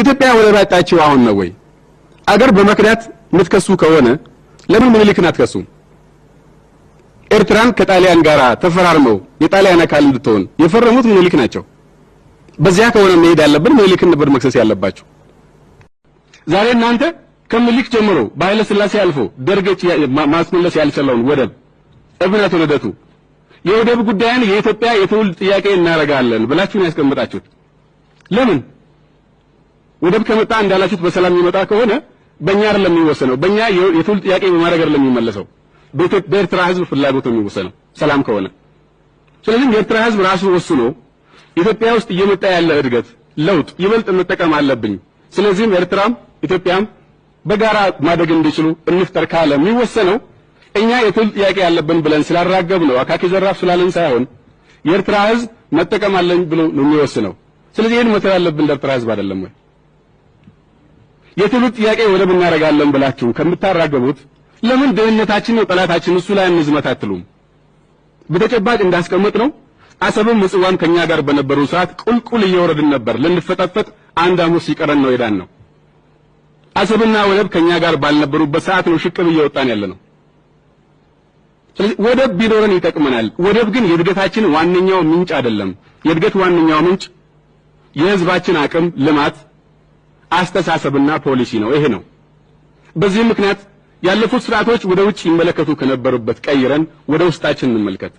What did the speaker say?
ኢትዮጵያ ወደ ያጣችው አሁን ነው ወይ? አገር በመክዳት የምትከሱ ከሆነ ለምን ምኒልክን አትከሱም? ኤርትራን ከጣሊያን ጋር ተፈራርመው የጣሊያን አካል እንድትሆን የፈረሙት ምኒልክ ናቸው። በዚያ ከሆነ መሄድ ያለብን ምኒልክን ነበር መክሰስ ያለባቸው። ዛሬ እናንተ ከምኒልክ ጀምሮ በኃይለ ስላሴ አልፎ ደርገች ማስመለስ ያልቻለውን ወደብ እብነት ልደቱ የወደብ ጉዳይን የኢትዮጵያ የትውልድ ጥያቄ እናደርጋለን ነው ያስቀምጣችሁት ለምን ወደብ ከመጣ እንዳላችሁት በሰላም የሚመጣ ከሆነ በእኛ አይደለም የሚወሰነው። በእኛ የትውልድ ጥያቄ በማድረግ አይደለም የሚመለሰው። በኤርትራ ህዝብ ፍላጎት ነው የሚወሰነው ሰላም ከሆነ። ስለዚህ የኤርትራ ህዝብ ራሱ ወስኖ ኢትዮጵያ ውስጥ እየመጣ ያለ እድገት፣ ለውጥ ይበልጥ መጠቀም አለብኝ። ስለዚህም ኤርትራም ኢትዮጵያም በጋራ ማደግ እንዲችሉ እንፍጠር ካለ የሚወሰነው እኛ የትውልድ ጥያቄ ያለብን ብለን ስላራገብ ነው አካኪ ዘራፍ ስላለን ሳይሆን የኤርትራ ህዝብ መጠቀም አለኝ ብሎ ነው የሚወስነው። ስለዚህ ይህን መተላለብን ለኤርትራ ህዝብ አይደለም ወይ? የትውልድ ጥያቄ ወደብ እናደርጋለን ብላችሁ ከምታራገቡት ለምን ደህንነታችን ነው ጠላታችን፣ እሱ ላይ እንዝመት አትሉም? በተጨባጭ እንዳስቀመጥ ነው። አሰብም ምጽዋም ከኛ ጋር በነበሩ ሰዓት ቁልቁል እየወረድን ነበር። ልንፈጠፈጥ አንድ ሐሙስ ሲቀረን ነው የዳን ነው። አሰብና ወደብ ከኛ ጋር ባልነበሩበት ሰዓት ነው ሽቅብ እየወጣን ያለ ነው። ስለዚህ ወደብ ቢኖረን ይጠቅመናል። ወደብ ግን የእድገታችን ዋነኛው ምንጭ አይደለም። የእድገት ዋነኛው ምንጭ የህዝባችን አቅም ልማት አስተሳሰብና ፖሊሲ ነው። ይሄ ነው። በዚህ ምክንያት ያለፉት ስርዓቶች ወደ ውጭ ይመለከቱ ከነበሩበት ቀይረን ወደ ውስጣችን እንመልከት።